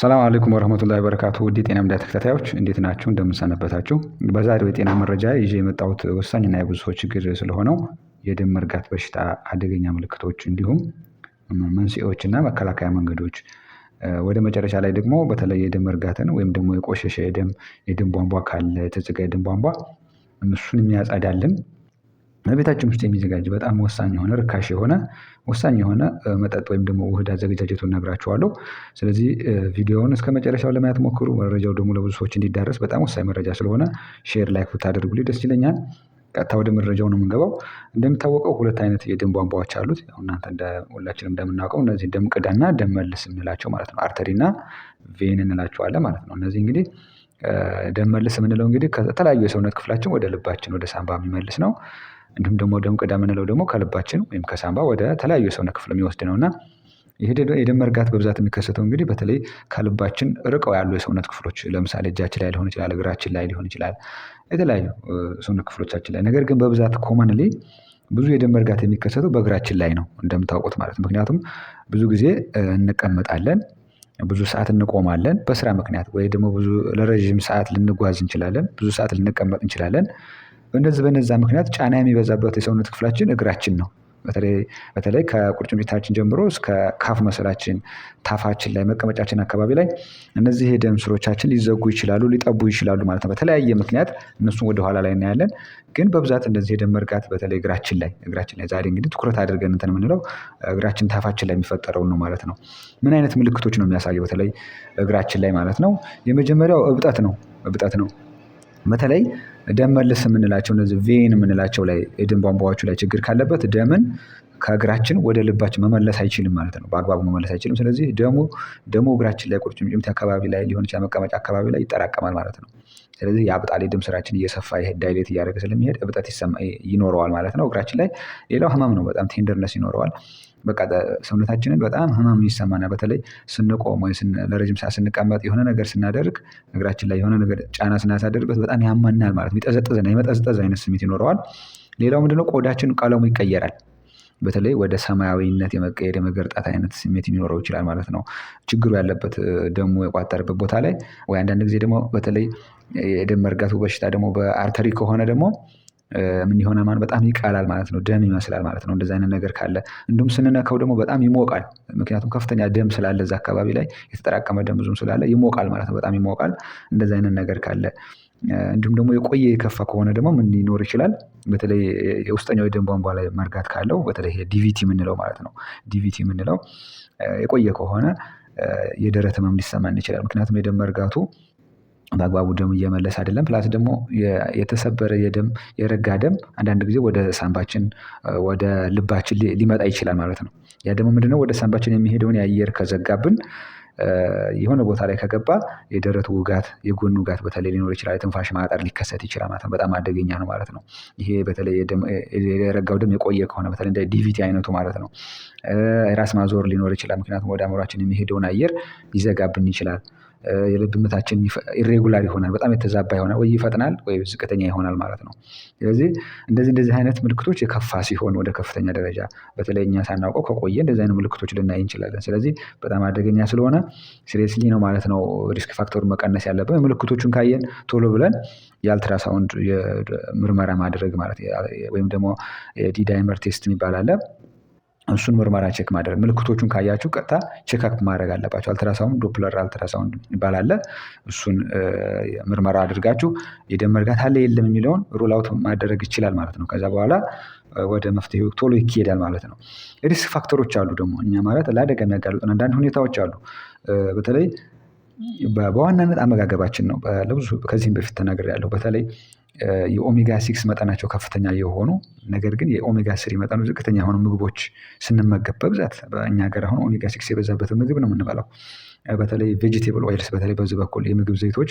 ሰላም አለይኩም ወረህመቱላሂ ወበረካቱ። ውድ የጤና ሚዲያ ተከታታዮች እንዴት ናችሁ? እንደምንሰነበታችሁ። በዛሬው የጤና መረጃ ይዤ የመጣሁት ወሳኝና የብዙ ሰዎች ችግር ስለሆነው የደም መርጋት በሽታ አደገኛ ምልክቶች፣ እንዲሁም መንስኤዎች እና መከላከያ መንገዶች፣ ወደ መጨረሻ ላይ ደግሞ በተለይ የደም መርጋትን ወይም ደግሞ የቆሸሸ የደም ቧንቧ ካለ የተዘጋ የደም ቧንቧ እሱን የሚያጸዳልን በቤታችን ውስጥ የሚዘጋጅ በጣም ወሳኝ የሆነ ርካሽ የሆነ ወሳኝ የሆነ መጠጥ ወይም ደግሞ ውህድ አዘገጃጀቱን ነግራችኋለሁ። ስለዚህ ቪዲዮውን እስከ መጨረሻው ለማየት ሞክሩ። መረጃው ደግሞ ለብዙ ሰዎች እንዲዳረስ በጣም ወሳኝ መረጃ ስለሆነ ሼር፣ ላይክ ብታደርጉልኝ ደስ ይለኛል። ቀጥታ ወደ መረጃው ነው የምንገባው። እንደሚታወቀው ሁለት አይነት የደም ቧንቧዎች አሉት። እናንተ ሁላችንም እንደምናውቀው እነዚህ ደም ቅዳና ደም መልስ የምንላቸው ማለት ነው። አርተሪና ቬን እንላቸዋለን ማለት ነው። እነዚህ እንግዲህ ደም መልስ የምንለው እንግዲህ ከተለያዩ የሰውነት ክፍላችን ወደ ልባችን ወደ ሳንባ የሚመልስ ነው። እንዲሁም ደግሞ ደም ቅዳ የምንለው ደግሞ ከልባችን ወይም ከሳምባ ወደ ተለያዩ የሰውነት ክፍል የሚወስድ ነው እና ይህ የደም መርጋት በብዛት የሚከሰተው እንግዲህ በተለይ ከልባችን ርቀው ያሉ የሰውነት ክፍሎች ለምሳሌ እጃችን ላይ ሊሆን ይችላል፣ እግራችን ላይ ሊሆን ይችላል፣ የተለያዩ ሰውነት ክፍሎቻችን ላይ ነገር ግን በብዛት ኮመንሊ ብዙ የደም መርጋት የሚከሰተው በእግራችን ላይ ነው እንደምታውቁት ማለት ነው። ምክንያቱም ብዙ ጊዜ እንቀመጣለን፣ ብዙ ሰዓት እንቆማለን በስራ ምክንያት ወይ ደግሞ ብዙ ለረዥም ሰዓት ልንጓዝ እንችላለን፣ ብዙ ሰዓት ልንቀመጥ እንችላለን። በነዚህ በነዛ ምክንያት ጫና የሚበዛበት የሰውነት ክፍላችን እግራችን ነው። በተለይ ከቁርጭምጭሚታችን ጀምሮ እስከ ካፍ መሰላችን፣ ታፋችን ላይ መቀመጫችን አካባቢ ላይ እነዚህ የደም ስሮቻችን ሊዘጉ ይችላሉ፣ ሊጠቡ ይችላሉ ማለት ነው። በተለያየ ምክንያት እነሱን ወደኋላ ላይ እናያለን። ግን በብዛት እንደዚህ የደም መርጋት በተለይ እግራችን ላይ እግራችን ላይ ዛሬ እንግዲህ ትኩረት አድርገን እንትን የምንለው እግራችን ታፋችን ላይ የሚፈጠረውን ነው ማለት ነው። ምን አይነት ምልክቶች ነው የሚያሳየው? በተለይ እግራችን ላይ ማለት ነው። የመጀመሪያው እብጠት ነው። እብጠት ነው በተለይ ደም መልስ የምንላቸው እነዚህ ቬን የምንላቸው ላይ የደም ቧንቧዎቹ ላይ ችግር ካለበት ደምን ከእግራችን ወደ ልባችን መመለስ አይችልም ማለት ነው። በአግባቡ መመለስ አይችልም። ስለዚህ ደሙ ደሞ እግራችን ላይ ቁርጭምጭሚት አካባቢ ላይ ሊሆን ይችላል፣ መቀመጫ አካባቢ ላይ ይጠራቀማል ማለት ነው። ስለዚህ የአብጣሌ የደም ስራችን እየሰፋ ዳይሌት እያደረገ ስለሚሄድ እብጠት ይኖረዋል ማለት ነው እግራችን ላይ። ሌላው ህመም ነው። በጣም ቴንደርነስ ይኖረዋል። በቃ ሰውነታችንን በጣም ህመም ይሰማና በተለይ ስንቆም ወይ ለረጅም ሰዓት ስንቀመጥ የሆነ ነገር ስናደርግ እግራችን ላይ የሆነ ነገር ጫና ስናሳደርበት በጣም ያማናል ማለት ነው። የመጠዝጠዝ አይነት ስሜት ይኖረዋል። ሌላው ምንድነው? ቆዳችን ቀለሙ ይቀየራል። በተለይ ወደ ሰማያዊነት የመቀየር የመገርጣት አይነት ስሜት ሊኖረው ይችላል ማለት ነው። ችግሩ ያለበት ደሙ የቋጠረበት ቦታ ላይ ወይ አንዳንድ ጊዜ ደግሞ በተለይ የደም መርጋቱ በሽታ ደግሞ በአርተሪ ከሆነ ደግሞ ምን የሆነ ማን በጣም ይቃላል ማለት ነው። ደም ይመስላል ማለት ነው። እንደዚህ አይነት ነገር ካለ እንዲሁም ስንነካው ደግሞ በጣም ይሞቃል። ምክንያቱም ከፍተኛ ደም ስላለ እዛ አካባቢ ላይ የተጠራቀመ ደም ብዙም ስላለ ይሞቃል ማለት ነው። በጣም ይሞቃል እንደዚህ አይነት ነገር ካለ እንዲሁም ደግሞ የቆየ የከፋ ከሆነ ደግሞ ምን ሊኖር ይችላል? በተለይ የውስጠኛው የደም ቧንቧ ላይ መርጋት ካለው በተለይ ዲቪቲ የምንለው ማለት ነው። ዲቪቲ የምንለው የቆየ ከሆነ የደረት ህመም ሊሰማን ይችላል። ምክንያቱም የደም መርጋቱ በአግባቡ ደም እየመለሰ አይደለም። ፕላስ ደግሞ የተሰበረ የደም የረጋ ደም አንዳንድ ጊዜ ወደ ሳንባችን ወደ ልባችን ሊመጣ ይችላል ማለት ነው። ያ ደግሞ ምንድነው ወደ ሳንባችን የሚሄደውን የአየር ከዘጋብን የሆነ ቦታ ላይ ከገባ የደረቱ ውጋት የጎን ውጋት በተለይ ሊኖር ይችላል የትንፋሽ ማጠር ሊከሰት ይችላል ማለት ነው። በጣም አደገኛ ነው ማለት ነው። ይሄ በተለይ የረጋው ደም የቆየ ከሆነ በተለይ እንደ ዲቪቲ አይነቱ ማለት ነው። ራስ ማዞር ሊኖር ይችላል ምክንያቱም ወደ አእምሮአችን የሚሄደውን አየር ሊዘጋብን ይችላል የልብ ምታችን ኢሬጉላር ይሆናል፣ በጣም የተዛባ ይሆናል፣ ወይ ይፈጥናል ወይ ዝቅተኛ ይሆናል ማለት ነው። ስለዚህ እንደዚህ እንደዚህ አይነት ምልክቶች የከፋ ሲሆን ወደ ከፍተኛ ደረጃ በተለይ እኛ ሳናውቀው ከቆየ እንደዚህ አይነት ምልክቶች ልናይ እንችላለን። ስለዚህ በጣም አደገኛ ስለሆነ ሲሪየስሊ ነው ማለት ነው ሪስክ ፋክተሩን መቀነስ ያለብን። ምልክቶቹን ካየን ቶሎ ብለን የአልትራሳውንድ ምርመራ ማድረግ ማለት ወይም ደግሞ የዲዳይመር ቴስት የሚባል አለ እሱን ምርመራ ቼክ ማድረግ ምልክቶቹን ካያችሁ ቀጥታ ቼክ አፕ ማድረግ አለባችሁ። አልትራሳውንድ ዶፕለር አልትራሳውንድ ይባላል። እሱን ምርመራ አድርጋችሁ የደም መርጋት አለ የለም የሚለውን ሩል አውት ማደረግ ይችላል ማለት ነው። ከዛ በኋላ ወደ መፍትሄው ቶሎ ይካሄዳል ማለት ነው። ሪስክ ፋክተሮች አሉ ደግሞ እኛ ማለት ለአደጋ የሚያጋልጡን አንዳንድ ሁኔታዎች አሉ። በተለይ በዋናነት አመጋገባችን ነው። ለብዙ ከዚህም በፊት ተናግሬያለሁ። በተለይ የኦሜጋ ሲክስ መጠናቸው ከፍተኛ የሆኑ ነገር ግን የኦሜጋ ስሪ መጠኑ ዝቅተኛ የሆኑ ምግቦች ስንመገብ በብዛት በእኛ ሀገር አሁን ኦሜጋ ሲክስ የበዛበትን ምግብ ነው የምንበላው። በተለይ ቬጅቴብል ኦይልስ በተለይ በዚህ በኩል የምግብ ዘይቶች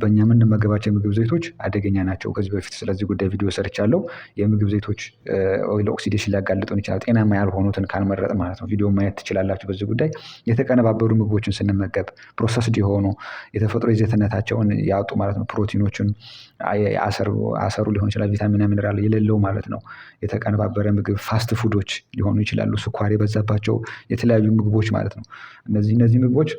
በእኛ የምንመገባቸው የምግብ ዘይቶች አደገኛ ናቸው። ከዚህ በፊት ስለዚህ ጉዳይ ቪዲዮ ሰርቻለሁ። የምግብ ዘይቶች ኦክሲዴሽን ሊያጋልጡን ይችላል፣ ጤናማ ያልሆኑትን ካልመረጥ ማለት ነው። ቪዲዮ ማየት ትችላላችሁ። በዚህ ጉዳይ የተቀነባበሩ ምግቦችን ስንመገብ ፕሮሰስድ የሆኑ የተፈጥሮ ይዘትነታቸውን ያጡ ማለት ነው ፕሮቲኖችን አሰሩ ሊሆን ይችላል ቪታሚና ሚነራል የሌለው ማለት ነው። የተቀነባበረ ምግብ ፋስት ፉዶች ሊሆኑ ይችላሉ ስኳር የበዛባቸው የተለያዩ ምግቦች ማለት ነው። እነዚህ እነዚህ ምግቦች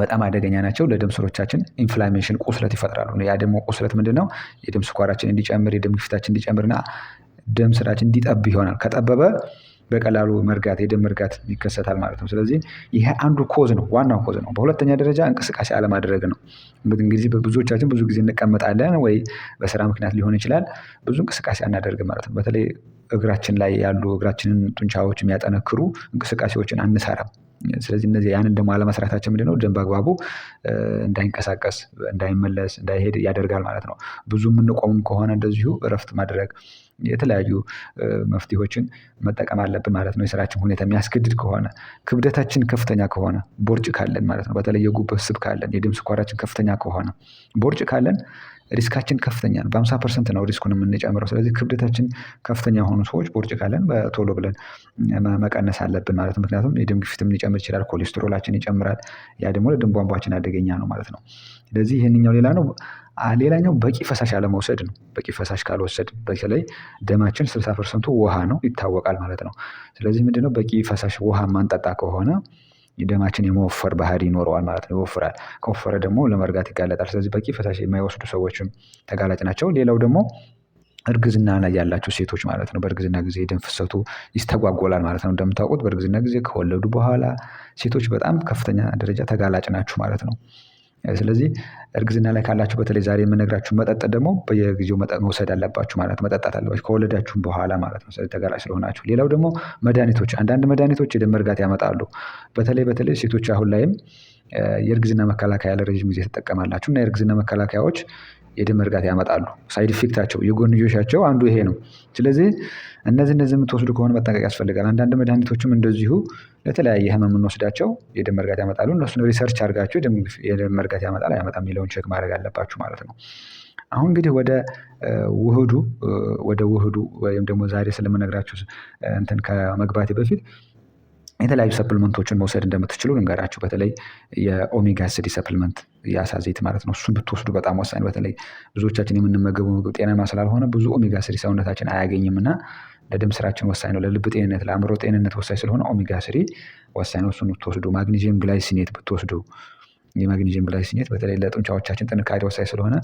በጣም አደገኛ ናቸው ለደም ስሮቻችን ኢንፍላሜሽን ቁስለት ይፈጥራሉ ያ ደግሞ ቁስለት ምንድነው? የደም ስኳራችን እንዲጨምር የደም ግፊታችን እንዲጨምርና ደም ስራችን እንዲጠብ ይሆናል ከጠበበ በቀላሉ መርጋት የደም መርጋት ይከሰታል ማለት ነው። ስለዚህ ይሄ አንዱ ኮዝ ነው፣ ዋናው ኮዝ ነው። በሁለተኛ ደረጃ እንቅስቃሴ አለማድረግ ነው። እንግዲህ ብዙዎቻችን ብዙ ጊዜ እንቀመጣለን ወይ በስራ ምክንያት ሊሆን ይችላል። ብዙ እንቅስቃሴ አናደርግ ማለት ነው። በተለይ እግራችን ላይ ያሉ እግራችንን ጡንቻዎች የሚያጠነክሩ እንቅስቃሴዎችን አንሰራም። ስለዚህ እነዚህ ያንን ደግሞ አለመስራታችን ነው ደም በአግባቡ እንዳይንቀሳቀስ፣ እንዳይመለስ፣ እንዳይሄድ ያደርጋል ማለት ነው። ብዙ የምንቆምም ከሆነ እንደዚሁ እረፍት ማድረግ የተለያዩ መፍትሄዎችን መጠቀም አለብን ማለት ነው። የስራችን ሁኔታ የሚያስገድድ ከሆነ ክብደታችን ከፍተኛ ከሆነ ቦርጭ ካለን ማለት ነው። በተለይ የጉበት ስብ ካለን የደም ስኳራችን ከፍተኛ ከሆነ ቦርጭ ካለን ሪስካችን ከፍተኛ ነው። በአምሳ ፐርሰንት ነው ሪስኩን የምንጨምረው። ስለዚህ ክብደታችን ከፍተኛ የሆኑ ሰዎች ቦርጭ ካለን በቶሎ ብለን መቀነስ አለብን ማለት ነው። ምክንያቱም የደም ግፊትም ሊጨምር ይችላል፣ ኮሌስትሮላችን ይጨምራል። ያ ደግሞ ለደም ቧንቧችን አደገኛ ነው ማለት ነው። ስለዚህ ይህንኛው ሌላ ነው። ሌላኛው በቂ ፈሳሽ አለመውሰድ ነው። በቂ ፈሳሽ ካልወሰድ በተለይ ደማችን ስልሳ ፐርሰንቱ ውሃ ነው ይታወቃል ማለት ነው። ስለዚህ ምንድነው በቂ ፈሳሽ ውሃ ማንጠጣ ከሆነ ደማችን የመወፈር ባህሪ ይኖረዋል ማለት ነው። ይወፍራል። ከወፈረ ደግሞ ለመርጋት ይጋለጣል። ስለዚህ በቂ ፈሳሽ የማይወስዱ ሰዎችም ተጋላጭ ናቸው። ሌላው ደግሞ እርግዝና ላይ ያላቸው ሴቶች ማለት ነው። በእርግዝና ጊዜ የደም ፍሰቱ ይስተጓጎላል ማለት ነው። እንደምታውቁት በእርግዝና ጊዜ ከወለዱ በኋላ ሴቶች በጣም ከፍተኛ ደረጃ ተጋላጭ ናችሁ ማለት ነው። ስለዚህ እርግዝና ላይ ካላችሁ በተለይ ዛሬ የምነግራችሁ መጠጥ ደግሞ በየጊዜው መውሰድ አለባችሁ ማለት መጠጣት አለባችሁ ከወለዳችሁም በኋላ ማለት ነው። ተጋላጭ ስለሆናችሁ ሌላው ደግሞ መድኃኒቶች አንዳንድ መድኃኒቶች የደም ያመጣሉ። በተለይ በተለይ ሴቶች አሁን ላይም የእርግዝና መከላከያ ለረዥም ጊዜ ትጠቀማላችሁ እና የእርግዝና መከላከያዎች የደም እርጋት ያመጣሉ። ሳይድ ኢፌክታቸው የጎንዮሻቸው አንዱ ይሄ ነው። ስለዚህ እነዚህ እነዚህ የምትወስዱ ከሆነ መጠንቀቅ ያስፈልጋል። አንዳንድ መድኃኒቶችም እንደዚሁ ለተለያየ ህመም የምንወስዳቸው የደም እርጋት ያመጣሉ። እነሱን ሪሰርች አድርጋችሁ የደም እርጋት ያመጣል አያመጣም የሚለውን ቼክ ማድረግ አለባችሁ ማለት ነው። አሁን እንግዲህ ወደ ውህዱ ወደ ውህዱ ወይም ደግሞ ዛሬ ስለምነግራችሁ እንትን ከመግባቴ በፊት የተለያዩ ሰፕልመንቶችን መውሰድ እንደምትችሉ ልንገራችሁ። በተለይ የኦሜጋ ስሪ ሰፕልመንት የአሳ ዘይት ማለት ነው። እሱን ብትወስዱ በጣም ወሳኝ። በተለይ ብዙዎቻችን የምንመገበው ምግብ ጤናማ ስላልሆነ ብዙ ኦሜጋ ስሪ ሰውነታችን አያገኝም እና ለደም ስራችን ወሳኝ ነው። ለልብ ጤንነት፣ ለአእምሮ ጤንነት ወሳኝ ስለሆነ ኦሜጋ ስሪ ወሳኝ ነው። እሱን ብትወስዱ ማግኒዚየም ግላይሲኔት ብትወስዱ የማግኒዥየም ግላይሲኔት በተለይ ለጡንቻዎቻችን ጥንካሬ ወሳኝ ስለሆነ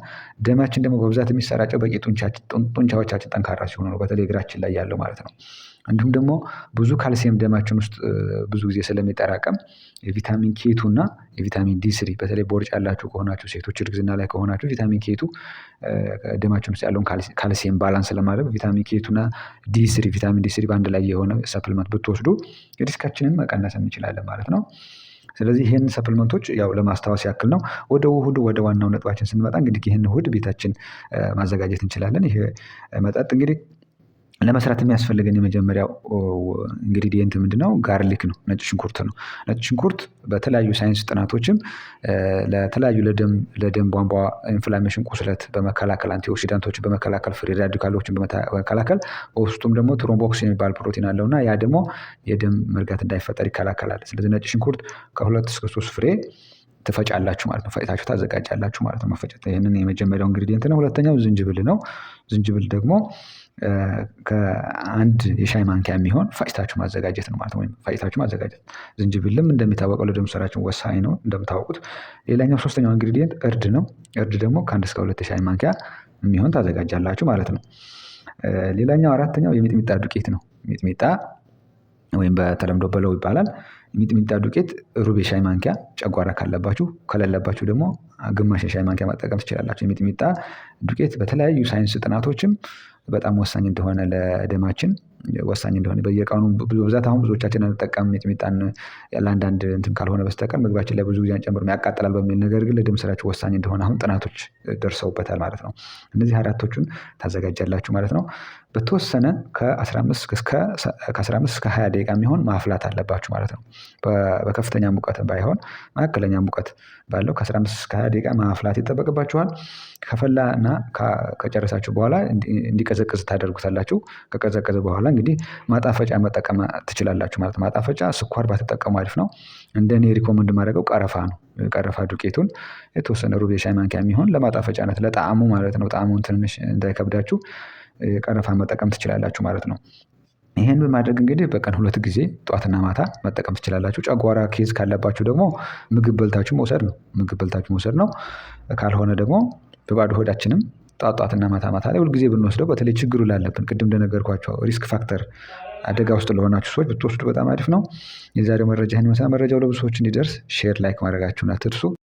ደማችን ደግሞ በብዛት የሚሰራጨው በቂ ጡንቻዎቻችን ጠንካራ ሲሆኑ ነው፣ በተለይ እግራችን ላይ ያለው ማለት ነው። እንዲሁም ደግሞ ብዙ ካልሲየም ደማችን ውስጥ ብዙ ጊዜ ስለሚጠራቀም የቪታሚን ኬቱ እና የቪታሚን ዲ ስሪ በተለይ ቦርጭ ያላችሁ ከሆናችሁ ሴቶች እርግዝና ላይ ከሆናችሁ ቪታሚን ኬቱ ደማችን ውስጥ ያለውን ካልሲየም ባላንስ ለማድረግ ቪታሚን ኬቱና ዲ ስሪ ቪታሚን ዲ ስሪ በአንድ ላይ የሆነ ሰፕልመንት ብትወስዱ የዲስካችንን መቀነስ እንችላለን ማለት ነው። ስለዚህ ይህን ሰፕልመንቶች ያው ለማስታወስ ያክል ነው። ወደ ውህዱ ወደ ዋናው ነጥባችን ስንመጣ እንግዲህ ይህን ውህድ ቤታችን ማዘጋጀት እንችላለን። ይሄ መጠጥ እንግዲህ ለመስራት የሚያስፈልገን የመጀመሪያው ኢንግሪዲየንት ምንድነው? ጋርሊክ ነው፣ ነጭ ሽንኩርት ነው። ነጭ ሽንኩርት በተለያዩ ሳይንስ ጥናቶችም ለተለያዩ ለደም ቧንቧ ኢንፍላሜሽን ቁስለት በመከላከል አንቲኦክሲዳንቶችን በመከላከል ፍሪ ራዲካሎችን በመከላከል በውስጡም ደግሞ ትሮምቦክስ የሚባል ፕሮቲን አለው እና ያ ደግሞ የደም መርጋት እንዳይፈጠር ይከላከላል። ስለዚህ ነጭ ሽንኩርት ከሁለት እስከ ሶስት ፍሬ ትፈጫላችሁ ማለት ነው። ፈጭታችሁ ታዘጋጃላችሁ ማለት ነው። መፈጨት ይህንን የመጀመሪያው ኢንግሪዲየንት ነው። ሁለተኛው ዝንጅብል ነው። ዝንጅብል ደግሞ ከአንድ የሻይ ማንኪያ የሚሆን ፈጭታችሁ ማዘጋጀት ነው ማለት ነው። ወይም ፈጭታችሁ ማዘጋጀት ዝንጅብልም እንደሚታወቀው ለደም ስራችን ወሳኝ ነው እንደምታወቁት። ሌላኛው ሶስተኛው ኢንግሪዲየንት እርድ ነው። እርድ ደግሞ ከአንድ እስከ ሁለት የሻይ ማንኪያ የሚሆን ታዘጋጃላችሁ ማለት ነው። ሌላኛው አራተኛው የሚጥሚጣ ዱቄት ነው። ሚጥሚጣ ወይም በተለምዶ በለው ይባላል። ሚጥሚጣ ዱቄት ሩብ የሻይ ማንኪያ ጨጓራ ካለባችሁ ከሌለባችሁ ደግሞ ግማሽ የሻይ ማንኪያ መጠቀም ትችላላችሁ። የሚጥሚጣ ዱቄት በተለያዩ ሳይንስ ጥናቶችም በጣም ወሳኝ እንደሆነ ለደማችን ወሳኝ እንደሆነ በየቀኑ ብዛት አሁን ብዙዎቻችን አንጠቀምም ሚጥሚጣን ለአንዳንድ እንትን ካልሆነ በስተቀር ምግባችን ላይ ብዙ ጊዜ ጨምሮ ያቃጥላል በሚል ነገር ግን ለደም ስራችሁ ወሳኝ እንደሆነ አሁን ጥናቶች ደርሰውበታል ማለት ነው። እነዚህ አራቶቹን ታዘጋጃላችሁ ማለት ነው። በተወሰነ ከ15 እስከ 20 ደቂቃ የሚሆን ማፍላት አለባችሁ ማለት ነው። በከፍተኛ ሙቀት ባይሆን መካከለኛ ሙቀት ባለው ከ15 እስከ 20 ደቂቃ ማፍላት ይጠበቅባችኋል። ከፈላና ከጨረሳችሁ በኋላ እንዲቀዘቅዝ ታደርጉታላችሁ። ከቀዘቀዘ በኋላ እንግዲህ ማጣፈጫ መጠቀም ትችላላችሁ ማለት ነው። ማጣፈጫ ስኳር ባትጠቀሙ አሪፍ ነው። እንደ እኔ ሪኮመንድ ማድረገው ቀረፋ ነው። ቀረፋ ዱቄቱን የተወሰነ ሩብ የሻይ ማንኪያ የሚሆን ለማጣፈጫነት ለጣዕሙ ማለት ነው። ጣዕሙን ትንሽ እንዳይከብዳችሁ ቀረፋ መጠቀም ትችላላችሁ ማለት ነው። ይህን በማድረግ እንግዲህ በቀን ሁለት ጊዜ ጠዋትና ማታ መጠቀም ትችላላችሁ። ጨጓራ ኬዝ ካለባችሁ ደግሞ ምግብ በልታችሁ መውሰድ ነው ምግብ በልታችሁ መውሰድ ነው። ካልሆነ ደግሞ በባዶ ሆዳችንም ጣጣትና ማታ ማታ ላይ ሁልጊዜ ብንወስደው በተለይ ችግሩ ላለብን ቅድም እንደነገርኳቸው ሪስክ ፋክተር አደጋ ውስጥ ለሆናችሁ ሰዎች ብትወስዱ በጣም አሪፍ ነው። የዛሬው መረጃ ይህን መረጃው ለብዙ ሰዎች እንዲደርስ ሼር፣ ላይክ ማድረጋችሁን አትርሱ።